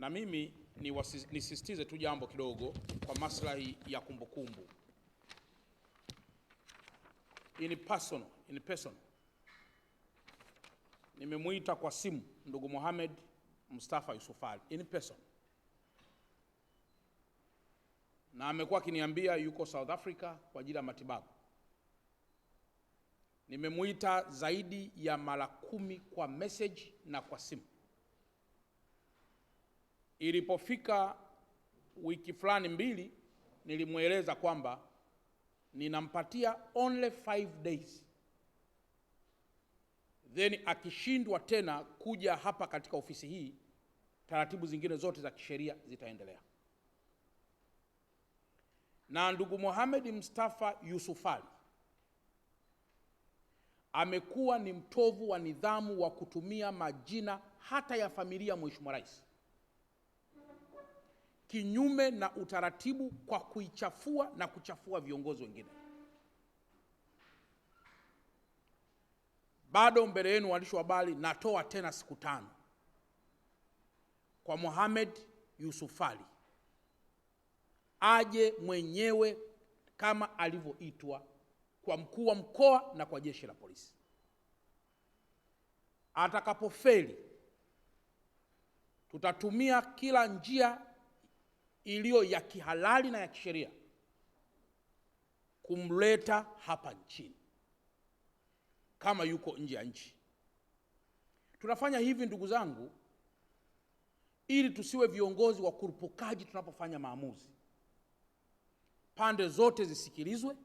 na mimi nisisitize tu jambo kidogo kwa maslahi ya kumbukumbu. In person, in person. nimemwita kwa simu ndugu Mohamed Mustafa Yusuf Ali in person, na amekuwa akiniambia yuko South Africa kwa ajili ya matibabu. Nimemwita zaidi ya mara kumi kwa message na kwa simu. Ilipofika wiki fulani mbili, nilimweleza kwamba ninampatia only five days, then akishindwa tena kuja hapa katika ofisi hii, taratibu zingine zote za kisheria zitaendelea. Na ndugu Mohamed Mustafa Yusufali amekuwa ni mtovu wa nidhamu wa kutumia majina hata ya familia Mheshimiwa Rais kinyume na utaratibu kwa kuichafua na kuchafua viongozi wengine. Bado mbele yenu waandishi wa habari, natoa tena siku tano kwa Mohamed Yusuf Ali aje mwenyewe kama alivyoitwa kwa mkuu wa mkoa na kwa jeshi la polisi. Atakapofeli, tutatumia kila njia iliyo ya kihalali na ya kisheria kumleta hapa nchini kama yuko nje ya nchi. Tunafanya hivi ndugu zangu, ili tusiwe viongozi wa kurupukaji. Tunapofanya maamuzi, pande zote zisikilizwe,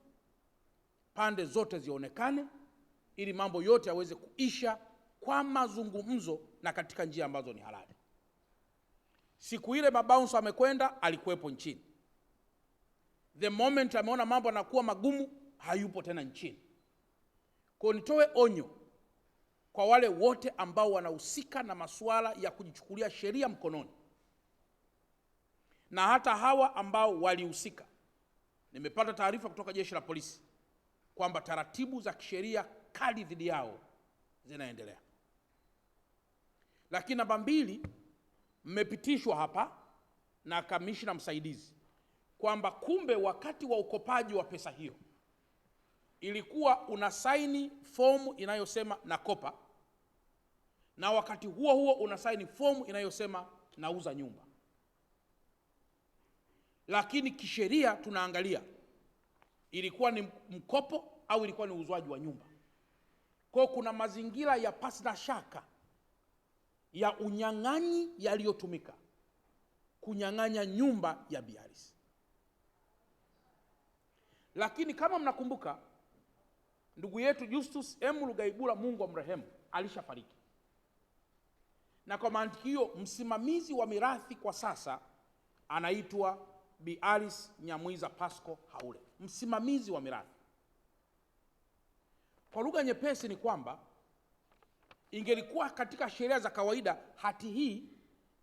pande zote zionekane, ili mambo yote yaweze kuisha kwa mazungumzo na katika njia ambazo ni halali. Siku ile mabaunsa amekwenda, alikuwepo nchini. The moment ameona mambo anakuwa magumu, hayupo tena nchini. Kwa nitoe onyo kwa wale wote ambao wanahusika na masuala ya kujichukulia sheria mkononi, na hata hawa ambao walihusika. Nimepata taarifa kutoka jeshi la polisi kwamba taratibu za kisheria kali dhidi yao zinaendelea, lakini namba mbili mmepitishwa hapa na kamishna msaidizi kwamba kumbe wakati wa ukopaji wa pesa hiyo ilikuwa una saini fomu inayosema nakopa, na wakati huo huo una saini fomu inayosema nauza nyumba. Lakini kisheria tunaangalia ilikuwa ni mkopo au ilikuwa ni uuzwaji wa nyumba. Kwa hiyo kuna mazingira ya pasi na shaka ya unyang'anyi yaliyotumika kunyang'anya nyumba ya biaris Lakini kama mnakumbuka, ndugu yetu Justus M. lugaibura Mungu amrehemu, alishafariki na kwa maandikio hiyo msimamizi wa mirathi kwa sasa anaitwa Bi Alice Nyamwiza Pasco Haule, msimamizi wa mirathi. Kwa lugha nyepesi ni kwamba Ingelikuwa katika sheria za kawaida, hati hii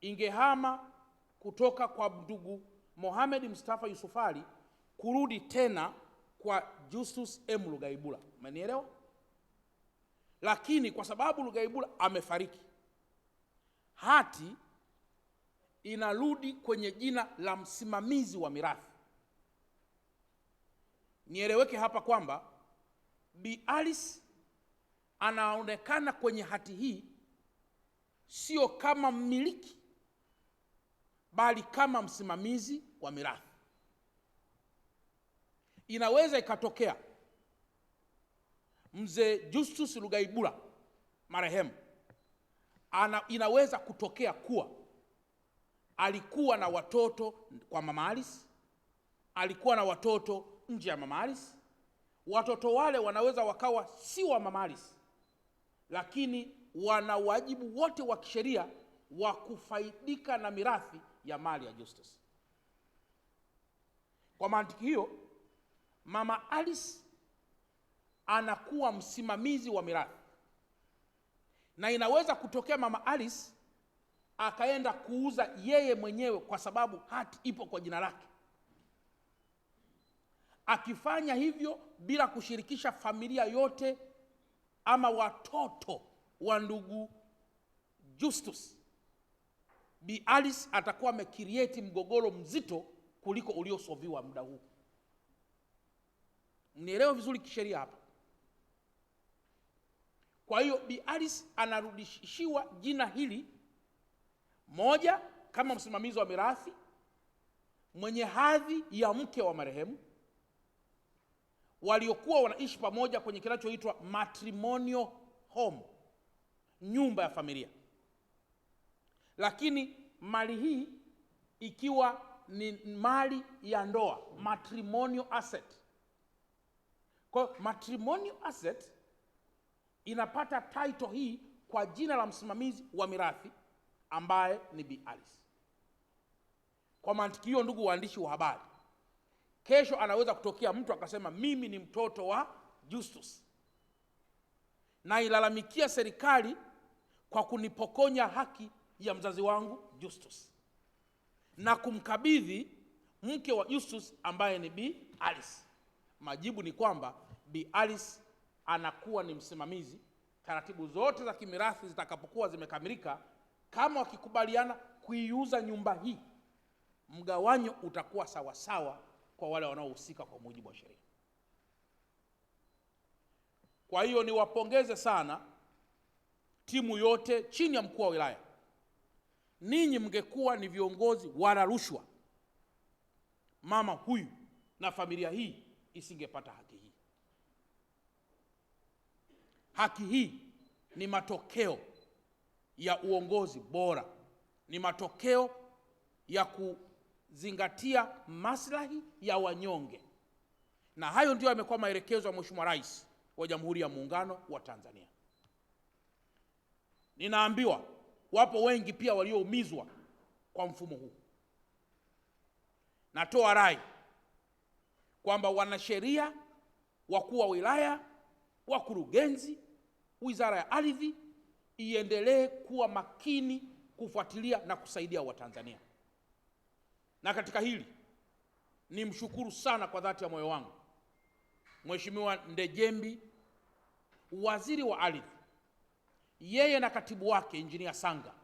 ingehama kutoka kwa ndugu Mohamed Mustafa Yusuf Ali kurudi tena kwa Justus M Lugaibula. Umenielewa? Lakini kwa sababu Lugaibula amefariki, hati inarudi kwenye jina la msimamizi wa mirathi. Nieleweke hapa kwamba Bi Alice anaonekana kwenye hati hii sio kama mmiliki bali kama msimamizi wa mirathi. Inaweza ikatokea mzee Justus Lugaibula marehemu ana, inaweza kutokea kuwa alikuwa na watoto kwa mama Alice, alikuwa na watoto nje ya mama Alice. Watoto wale wanaweza wakawa si wa mama Alice, lakini wana wajibu wote wa kisheria wa kufaidika na mirathi ya mali ya Justus. Kwa mantiki hiyo, mama Alice anakuwa msimamizi wa mirathi, na inaweza kutokea mama Alice akaenda kuuza yeye mwenyewe, kwa sababu hati ipo kwa jina lake. Akifanya hivyo bila kushirikisha familia yote ama watoto wa ndugu Justus, Bi Alice atakuwa amekirieti mgogoro mzito kuliko uliosoviwa muda huu. Mnielewe vizuri kisheria hapa. Kwa hiyo Bi Alice anarudishiwa jina hili moja, kama msimamizi wa mirathi mwenye hadhi ya mke wa marehemu waliokuwa wanaishi pamoja kwenye kinachoitwa matrimonial home, nyumba ya familia. Lakini mali hii ikiwa ni mali ya ndoa, matrimonial asset. Kwa matrimonial asset inapata title hii kwa jina la msimamizi wa mirathi ambaye ni Bi Alice. Kwa mantiki hiyo, ndugu waandishi wa habari Kesho anaweza kutokea mtu akasema mimi ni mtoto wa Justus, nailalamikia serikali kwa kunipokonya haki ya mzazi wangu Justus na kumkabidhi mke wa Justus ambaye ni b Alice. Majibu ni kwamba b Alice anakuwa ni msimamizi. Taratibu zote za kimirathi zitakapokuwa zimekamilika, kama wakikubaliana kuiuza nyumba hii, mgawanyo utakuwa sawasawa sawa kwa wale wanaohusika kwa mujibu wa sheria. Kwa hiyo niwapongeze sana timu yote chini ya mkuu wa wilaya. Ninyi mngekuwa ni viongozi wala rushwa, mama huyu na familia hii isingepata haki hii. Haki hii ni matokeo ya uongozi bora, ni matokeo ya ku zingatia maslahi ya wanyonge, na hayo ndio yamekuwa maelekezo ya Mheshimiwa Rais wa Jamhuri ya Muungano wa Tanzania. Ninaambiwa wapo wengi pia walioumizwa kwa mfumo huu. Natoa rai kwamba wanasheria, wakuu wa wilaya, wakurugenzi, wizara ya ardhi iendelee kuwa makini kufuatilia na kusaidia Watanzania. Na katika hili ni mshukuru sana kwa dhati ya moyo wangu Mheshimiwa Ndejembi, waziri wa ardhi, yeye na katibu wake Injinia Sanga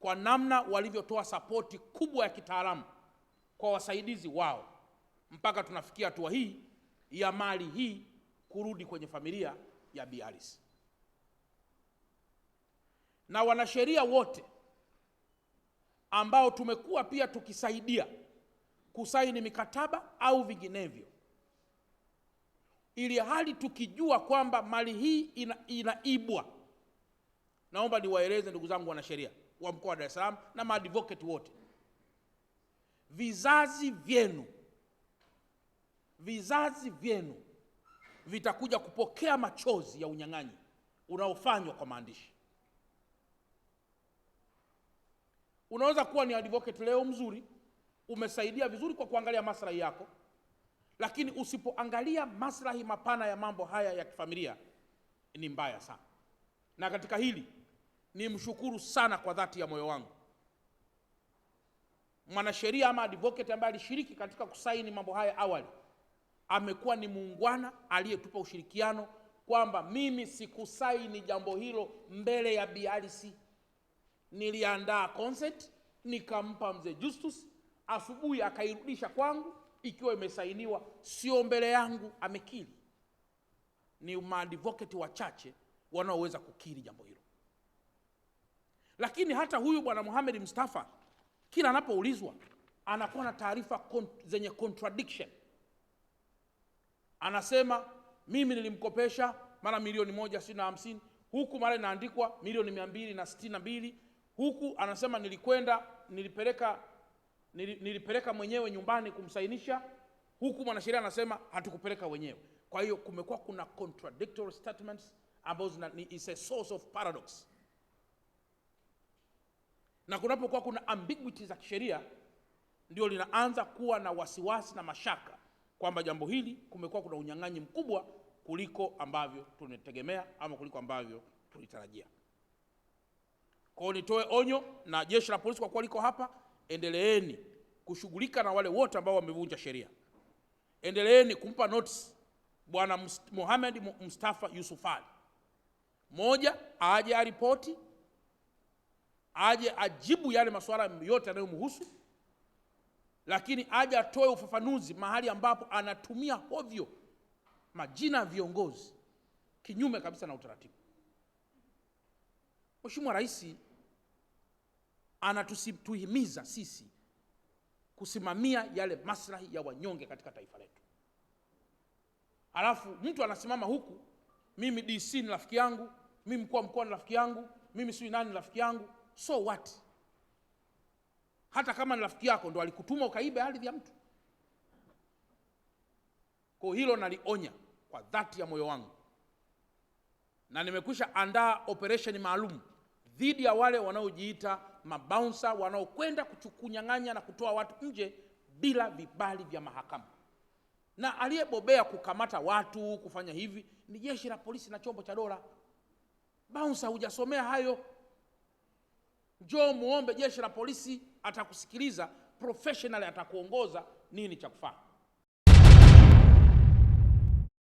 kwa namna walivyotoa sapoti kubwa ya kitaalamu kwa wasaidizi wao mpaka tunafikia hatua hii ya mali hii kurudi kwenye familia ya Bi Alice na wanasheria wote ambao tumekuwa pia tukisaidia kusaini mikataba au vinginevyo, ili hali tukijua kwamba mali hii ina, inaibwa. Naomba niwaeleze ndugu zangu wanasheria wa mkoa wa Dar es Salaam na maadvocate wote, vizazi vyenu vizazi vyenu vitakuja kupokea machozi ya unyang'anyi unaofanywa kwa maandishi. Unaweza kuwa ni advocate leo mzuri, umesaidia vizuri kwa kuangalia maslahi yako, lakini usipoangalia maslahi mapana ya mambo haya ya kifamilia ni mbaya sana. Na katika hili ni mshukuru sana kwa dhati ya moyo wangu mwanasheria ama advocate ambaye alishiriki katika kusaini mambo haya awali, amekuwa ni muungwana aliyetupa ushirikiano kwamba mimi sikusaini jambo hilo mbele ya BRC niliandaa concert nikampa mzee Justus, asubuhi akairudisha kwangu ikiwa imesainiwa, sio mbele yangu, amekiri. Ni maadvocate wachache wanaoweza kukiri jambo hilo. Lakini hata huyu bwana Mohamed Mustafa kila anapoulizwa anakuwa na taarifa kont zenye contradiction. Anasema mimi nilimkopesha mara milioni moja sitini na hamsini huku mara inaandikwa milioni mia mbili na sitini na mbili huku anasema nilikwenda nilipeleka nilipeleka mwenyewe nyumbani kumsainisha, huku mwanasheria anasema hatukupeleka wenyewe. Kwa hiyo kumekuwa kuna contradictory statements ambazo is a source of paradox, na kunapokuwa kuna ambiguity za kisheria ndio linaanza kuwa na wasiwasi na mashaka kwamba jambo hili kumekuwa kuna unyang'anyi mkubwa kuliko ambavyo tulitegemea ama kuliko ambavyo tulitarajia. Kwa hiyo nitoe onyo na jeshi la polisi kwa kuwa liko hapa, endeleeni kushughulika na wale wote ambao wamevunja sheria, endeleeni kumpa notice Bwana Mohamed Mustafa ali moja, aje aripoti, aje ajibu yale masuala yote yanayomhusu, lakini aje atoe ufafanuzi mahali ambapo anatumia hovyo majina ya viongozi kinyume kabisa na utaratibu. Mheshimiwa Rais anatuhimiza sisi kusimamia yale maslahi ya wanyonge katika taifa letu. Alafu mtu anasimama huku, mimi DC ni rafiki yangu, mimi mkuu wa mkoa ni rafiki yangu, mimi sijui nani ni rafiki yangu. So what? Hata kama ni rafiki yako ndo alikutuma ukaibe ardhi ya mtu. Kwa hilo nalionya kwa dhati ya moyo wangu, na nimekwisha andaa operation maalum dhidi ya wale wanaojiita mabaunsa wanaokwenda kunyang'anya na kutoa watu nje bila vibali vya mahakama. Na aliyebobea kukamata watu kufanya hivi ni jeshi la polisi na chombo cha dola. Baunsa, hujasomea hayo, njoo muombe jeshi la polisi, atakusikiliza professional, atakuongoza nini cha kufanya.